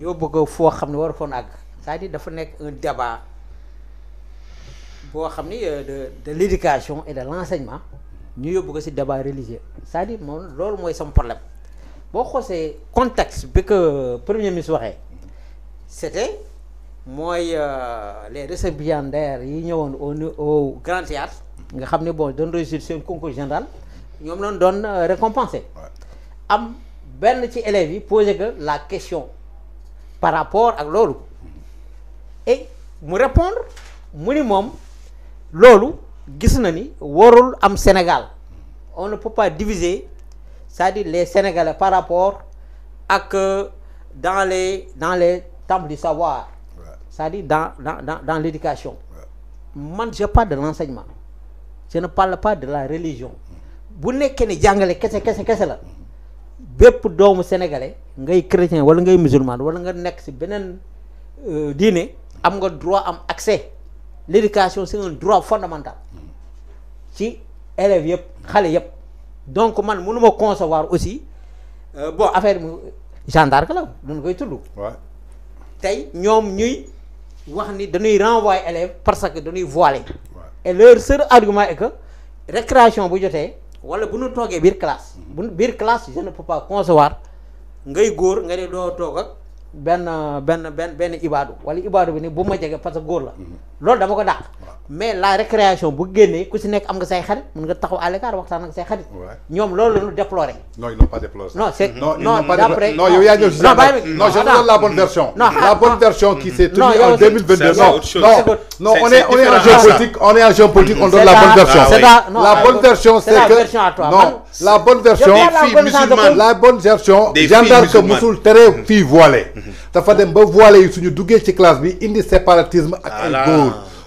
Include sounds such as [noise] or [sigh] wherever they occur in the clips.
ñoo bëgg foo xam war a foon c'est-à-dire dafa nekk un débat boo xam euh, de de l'éducation et de l'enseignement ñu yóbbu ko ci débat religieux c'est-à-dire moom loolu mooy sama problème boo xoosee contexte bi que premier ministre waxee c'était mooy euh, les récipiendaires yi ñëwoon au Grand Théâtre nga xam ne bon doon réussir seen concours général ñoom lañ doon euh, récompensé am benn ci élèves yi posé que la question par rapport à l'olu. et me répondre minimum ni moom loolu am Sénégal on ne peut pas diviser c'est-à-dire les Sénégalais par rapport à euh, dans les dans les temples du savoir c'est-à-dire dans dans dans, l'éducation Moi, je parle de l'enseignement je ne parle pas de la religion Vous bu que ni que c'est que c'est là. bépp doomu sénégalais ngay chrétien wala ngay musulman wala nga nekk ci beneen euh, diine am nga droit am accès l'éducation c'est un droit fondamental ci élèves yëpp xale yëpp donc man mënu ma concevoir aussi euh, bon affaire mu gendarme la mun koy tudd tey ñoom ñuy wax ni dañuy renvoyer élèves parce que dañuy voiler et leur seul argument est que récréation bu jotee wala bu nu toogee biir classe. bu biir classe je ne peux pas concevoir ngay góor nga ne doo toog benn benn benn benn ibaadu wala ibaadu bi ni bu ma jege parce que góor la mhm. loolu dama ko dàq. mais la récréation bu si am nga say xarit nga taxaw non ils n'ont pas déploré. non c'est non d'après non non la bonne version. la bonne version qui s'est tenue en 2022. non on est on est géopolitique on est on donne la bonne version. la bonne version c'est que non la bonne version. la bonne version que musul mhm. dem suñu ci classe bi indi séparatisme ak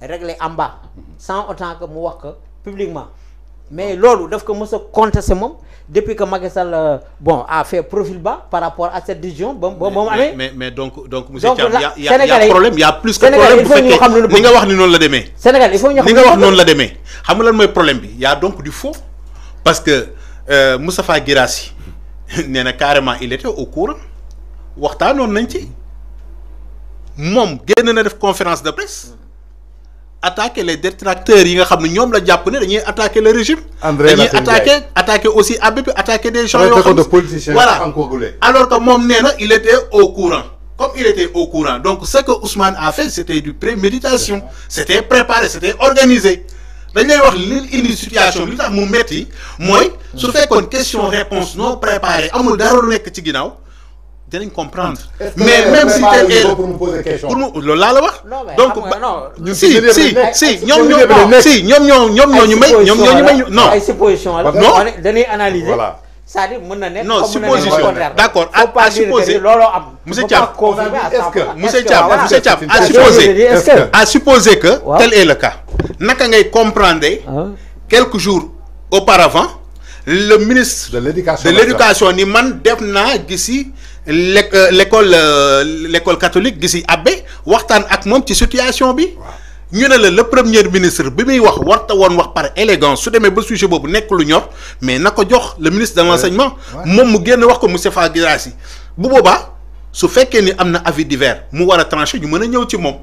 régler en bas mhm. sans autant que mu wax publiquement mais lolu daf ko mës a contesté moom depuis que Macky Sall euh, bon a fait profil bas par rapport à cette décision bon mais mais donc donc monsieur Thiam. y' a y' a problème y' a plus que problème Il fekkee ni nga wax ni noonu la démé Sénégal il faut ñu xam ni nga wax non la démé xam nga lan moy problème bi y' a donc du faux parce que euh, Moustapha Guirassy [laughs] néna carrément il était au courant waxtaanoon nañ ci mom génn na def conférence de presse attaquer les détracteurs yi nga xam ñom la japp dañuy attaquer le régime. dañuy attaquer attaquer aussi ABP attaquer des gens yo voilà alors que mon néna il était au courant comme il était au courant donc ce que Ousmane a fait c'était du préméditation c'était préparé c'était organisé dañ lay wax li indi situation li tax mu metti moy su une question réponse non préparée amul dara lu nekk ci ginaaw comprendre. mais même si pour donc si si si si, si, si si, si, non supposition à d'accord à supposer monsieur est que monsieur à supposer que tel est le cas. si, comprendre ah. quelques jours auparavant le ministre de l'éducation ni man def si, euh, l'école euh, l'école catholique di à abbé waxtaan ak mom ci situation bi ñu ne le premier ministre bi muy wax warta woon wax par élégance su demee ba sujet bobu nek lu ñor mais na jox le ministre de l'enseignement moom mu génn wax ko fa Guirassy bu boobaa su fekkee ni amna avis divers mu wara trancher tranché ñu mëna ñëw ci mom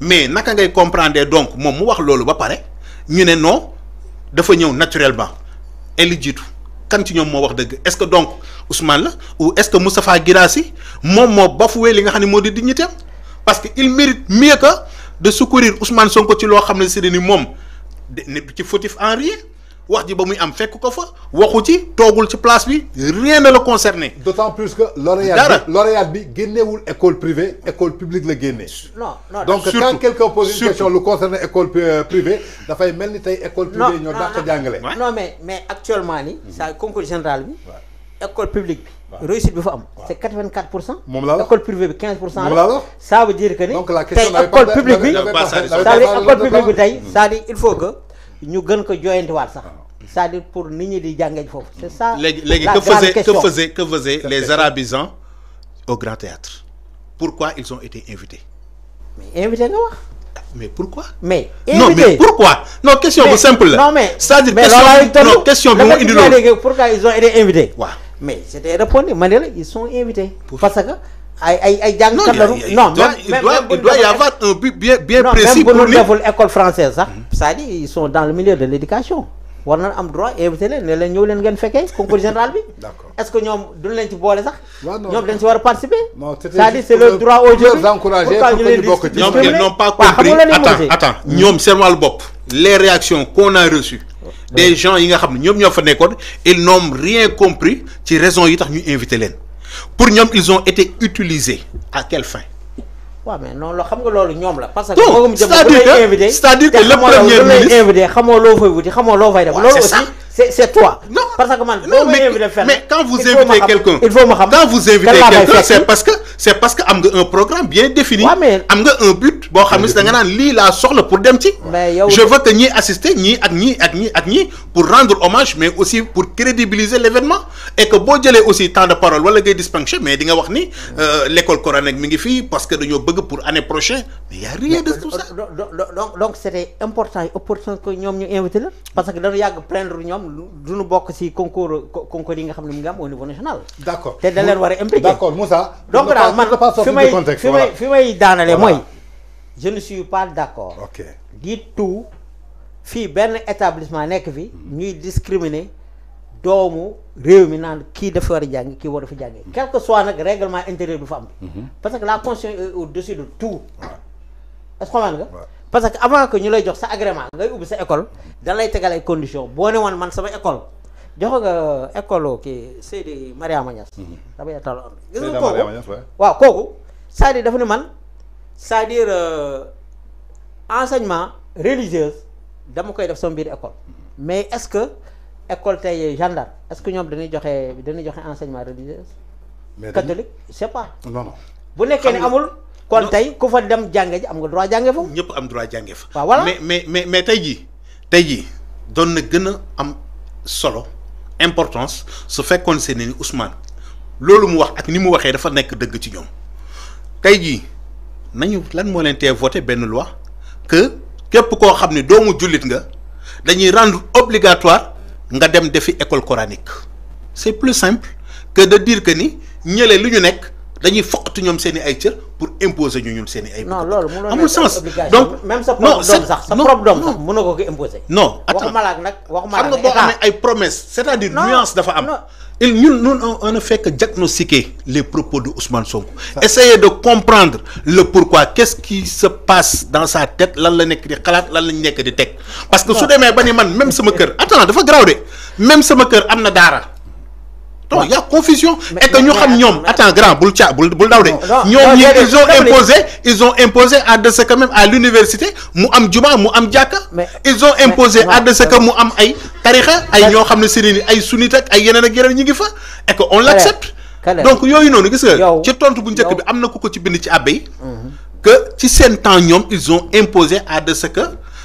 mais naka ngay comprendre donc mom mu wax lolu ba paré ñu ne non dafa ñëw naturellement eli kan ci ñom mo wax deug est-ce que donc Ousmane la ou est-ce que Moustapha Guirassi mom mo bafoué li nga xamni modi dignité parce que il mérite mieux que de secourir Ousmane Sonko ci lo xam ne ni ci fautif en rien wax ji am fekk ko fa waxu ci place rien ne le concerne. d'autant plus que L'Oréal bi lauréat bi école privée école publique Le donc quand quelqu'un pose une question qui concerne école euh, privée il faut ni tey école privée ñoo dàq jàngale. non mais mais actuellement ni sa mhm. concours général L'école publique bi. réussite de fa c'est 84%. L'école privée 15%. ça veut dire que l'école donc la question publique ça veut dire école il faut que ñu gën ko joyantiwaat sax. Ah. c'est-à-dire pour nit ñi di jàngee c'est ça la grande que faisaient que faisaient les arabisans au grand théâtre pourquoi ils ont été invités. mais invité nga mais pourquoi. mais invité non mais pourquoi. non question simple non mais c'est-à-dire question non question mais pourquoi ils ont été invités. mais c'était répondu ma ils sont invités. parce que ay ay ay jàngkat la. non il doit y avoir un but bien bien précis pour ñu deful école française sax hein. mhm. c'est-à-dire ils sont dans le milieu de l'éducation war na am droit et leen ne leen ñëw leen ngeen fekkee concours général bi. d'accord est-ce que ñoom duñ leen ci boole sax. waaw non dañ ci war participer. Ça dit, c'est le droit au jeu. pour encourager pour que ñu bokk ci ñoom ils n'ont pas compris attends attends ñoom seen wàllu bop. les réactions qu'on a reçues. des gens yi nga xam ne ñoom ñoo ils n'ont rien compris ci raison yi tax ñu invité leen pour Nyom ils ont été utilisés à quelle fin. c'est-à-dire que le premier ministre c'est toi. mais quand vous invitez quelqu'un quand vous invitez quelqu'un c'est parce que c'est parce que am un programme bien défini. am nga un but bon xam da nga naan li la soxla pour dem ci. je veux que assister ni ak ñii ak ñii ak pour rendre hommage mais aussi pour crédibiliser l'événement et que bo jélé aussi temps de parole wala ngay dispenser mais di nga wax ni euh, l'école coranique mi ngi parce que dañu bëgg pour année prochaine mais y a rien de tout ça. donc donc c'était important opportun que ñom ñu invité parce que dañu yag plaindre ñom duñu nous ci concours concours yi nga xam au niveau national. d'accord té da leen wara a impliquer d'accord Moussa. donc alors man fi may fi may fi may je ne suis pas d'accord ok du tout fii ben établissement nekk fi ñuy discriminer doomu réew mi naan kii dafa war a jàng fa mm-hmm. quel que soit nag règlement intérieur bi fa am mm-hmm. parce que la conscience est au-dessus de tout est-ce que comprendre parce que avant que ñu lay jox sa agrément ngay ubbi sa école mm-hmm. dans lay tegal conditions Bonne ne woon man sama école joxe nga écolo kii Seydi Mariama Niass. Mhm. Rabiatul Awwal gis waaw kooku c'est-à-dire dafa ne man c'est-à-dire euh, enseignement religieux dama koy def sama mbir école mhm. mais est-ce que école tey gendarme est-ce que ñoom dañuy joxe dañuy joxe enseignement religieux. mais catholique je sais pas. bu nekkee ne amul. kon tey ku fa dem jànge ji am nga droit jànge fa. ñëpp am droit jànge fa. waaw voilà mais mais mais mais tey jii tey jii doon na gën a am solo. importance su fait se ni Ousmane lolu mu wax ak ni mu waxee dafa nek deug ci ñom tay ji nañu lan mo leen té voter benn loi que képp ko xam doomu julit nga dañuy rendre obligatoire nga dem defi école coranique c'est plus simple que de dire que ni ñëlé lu ñu nekk dañuy foqatu ñom seeni ay cër pour imposer ñu ñom seeni ay. non loolu amul sens donc même sa propre doom sax sa propre doom sax mënoo ko ko imposer. non attends waxumala ak nag waxumala xam nga bo amee ay promesses c'est-à-dire nuance dafa am. il ñun ñun on a fait que diagnostiquer les propos de Ousmane Sonko. essayer de comprendre le pourquoi qu'est-ce qui se passe dans sa tête lan la nek di xalat lan lañ nek di tek parce que su demee ba ni man même sama cœur attends dafa garaaw de même sama cœur amna dara non y' a confusion. mais que ñu xam ñom attends grand bul tia bul bul daw de. ñoom ñi ils ont imposé ils ont imposé à de ce que même à l'université mu am djuma mu am jàkka. ils ont imposé à de ce que mu am ay tarixa ay ñoo xam ne ay sunnit ak ay yenen ak yeneen ñi ngi fa et que on l'accepte donc yooyu nonu gis nga. ci tontu bu njëkk bi amna ku ko ci bind ci abbé yi. Mhm. que ci sen temps ñom ils ont imposé à de ce que.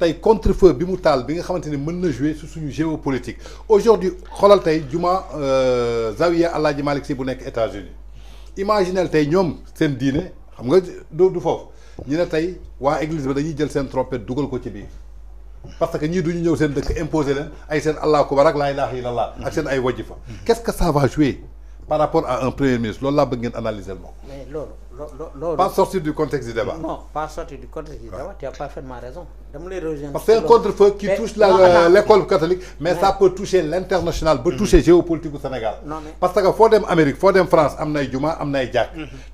tay contre-feu bi bi nga jouer suñu géopolitique aujourd'hui xoolal euh, Zawiya Malik bu États-Unis Imaginez tay ñom sommes diiné xam nga du du église trompette ko parce que nous duñu imposer ay mm-hmm. qu'est-ce que ça va jouer par rapport à un premier ministre l'on l'a bëgg le analyser mais pas sortir du contexte du débat. non pas sortir du contexte du débat ah. tu as parfaitement raison. ma lay parce que c'est un contre-feu qui touche la euh, l'école catholique. mais ça peut toucher l'international peut mhm. toucher géopolitique du Sénégal. parce que foo dem Amérique foo dem France am nay juma Jack, nay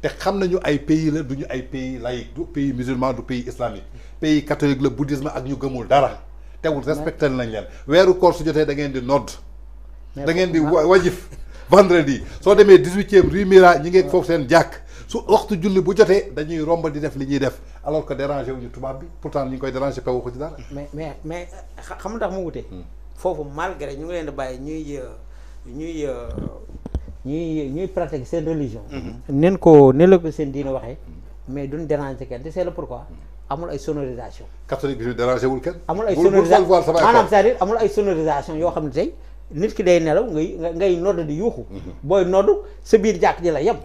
jàkk. Mhm. ay pays la du ay pays laïque du pays musulman du pays islamique. pays catholique le bouddhisme ak ñu gëmul dara. teewul respecté nañ les gens. koor su jotee da ngeen di nodd. da des di wajif. vendredi soo demee dix-huitième rue Mira ñi ngeeg foofu seen jàkk su waxtu julli bu jotee dañuy romb di def li ñuy def alors que dérangé wuñu tubaab bi pourtant ñu ngi koy dérangé pewu ko ci dara. mais mais mais xam nga tax wute. Hmm. foofu malgré ñu ngi leen di bàyyi ñuy ñuy ñuy ñuy pratiquer seen religion. Hmm. nen ko nen la ko seen diine waxee mais duñ déranger kenn te c'est le pourquoi. amul ay sonorisation. catholique bi dérangé wul kenn. amul ay sonorisation maanaam amul ay sonorisation yoo xam ne tey. nit ki day nelaw ngay ngay nodd di yuuxu. Mhm. booy nodd sa biir jàkk ji la yem.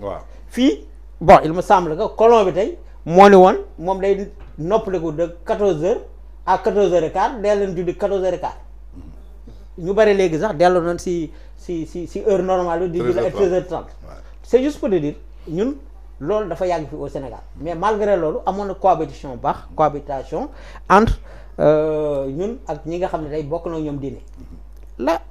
fii bon il ma semble que colon bi tey moo ni woon moom day noppaliku de 14h a 14h15 dee leen julli 14h15. Mhm. ñu bari léegi sax delloo noonu si si si si heure normal bi. di julli ay 13h30. juste pour dire ñun. loolu dafa yàgg fi au Sénégal mais malgré loolu amoon na cohabitation baax cohabitation entre euh, ñun ak ñi nga xam ne tey bokk na ñoom diine mhm.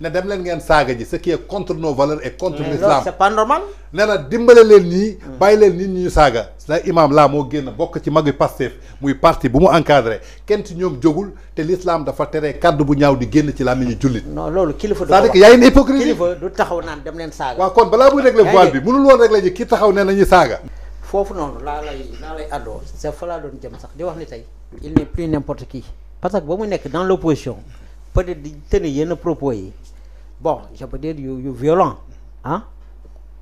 ne dem len ngeen saga ji ce qui est contre nos valeurs et contre l'islam c'est pas normal ne na dimbale leen ñii hmm. bàyyi len nit ñi saga saaga la imam laa moo génn bokk ci magui yu Pastef muy parti bu mu encadré kenn ci ñoom jógul te l'islam dafa téré cadre bu ñaaw di génn ci làmmiñu jullit non loolu kilifa do c'est-à-dire que yaa une hypocrisie kilifa du taxaw naan dem len saga wa kon balaa muy régler voile bi mënul woon régler ji kii taxaw ne nañu saga fofu non la lay laa lay addo c'est fa la doon jëm sax di wax ni tay il n'est plus n'importe qui parce que ba mu nek dans l'opposition peut-être di tenir yene propos yi bon je peux dire yu yu violent hein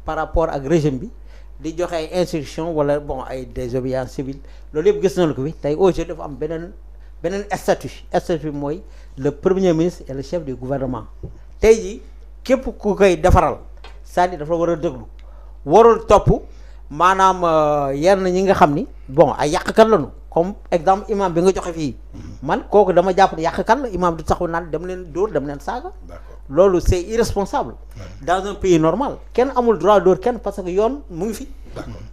par rapport ak régime bi di joxe ay instruction wala bon ay désobéissance civile loolu yëpp gis nañu ko fi tey aujourd'hui dafa am benen benen statut statut moy le premier ministre et le chef du gouvernement tay ji kep ku koy défaral ça dit dafa wara deuglu déglu warul topp maanaam euh, yenn ñi nga xamni bon ay yàqkat lañu comme exemple imam bi nga joxe fi man kooku dama japp ne yàqkat imam du taxu naan dem len dóor dem leen saaga loolu c'est irresponsable dans un pays normal ken amul droit d'or ken parce que yone mu ngi fi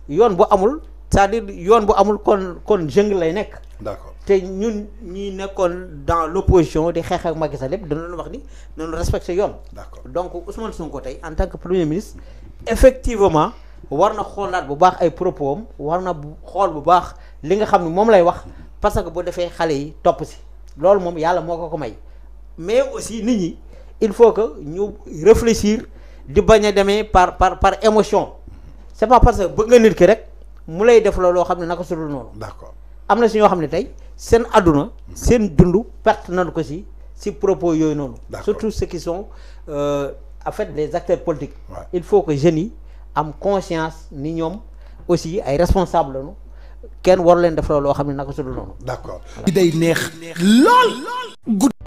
yone bu amul c'est-à-dire yone bu amul kon kon jeng lay nek d'accord té ñun ñi nekkoon dans l'opposition di xeex ak Macky Sall lépp dañu wax ni nañu respecté d'accord donc Ousmane Sonko tay en tant que premier ministre effectivement war na xoolaat bu baax ay propos am war na xool bu baax li nga xamni mom lay wax parce que bo defee xalé yi topp si loolu moom yàlla moo ko may mais aussi nit ñi il faut que nous réfléchir di bañ a par par par émotion c'est pas parce que vous n'êtes nit rek mu lay def la loo naka d'accord amener na si ñoo xam ne c'est seen àdduna hmm. seen aussi si si propos yooyu non surtout ceux qui sont euh, en fait les acteurs politiques. il faut que génie am conscience ni ñom aussi ay responsable non ken war leen def lo loo xam naka sudul non d'accord day neex lol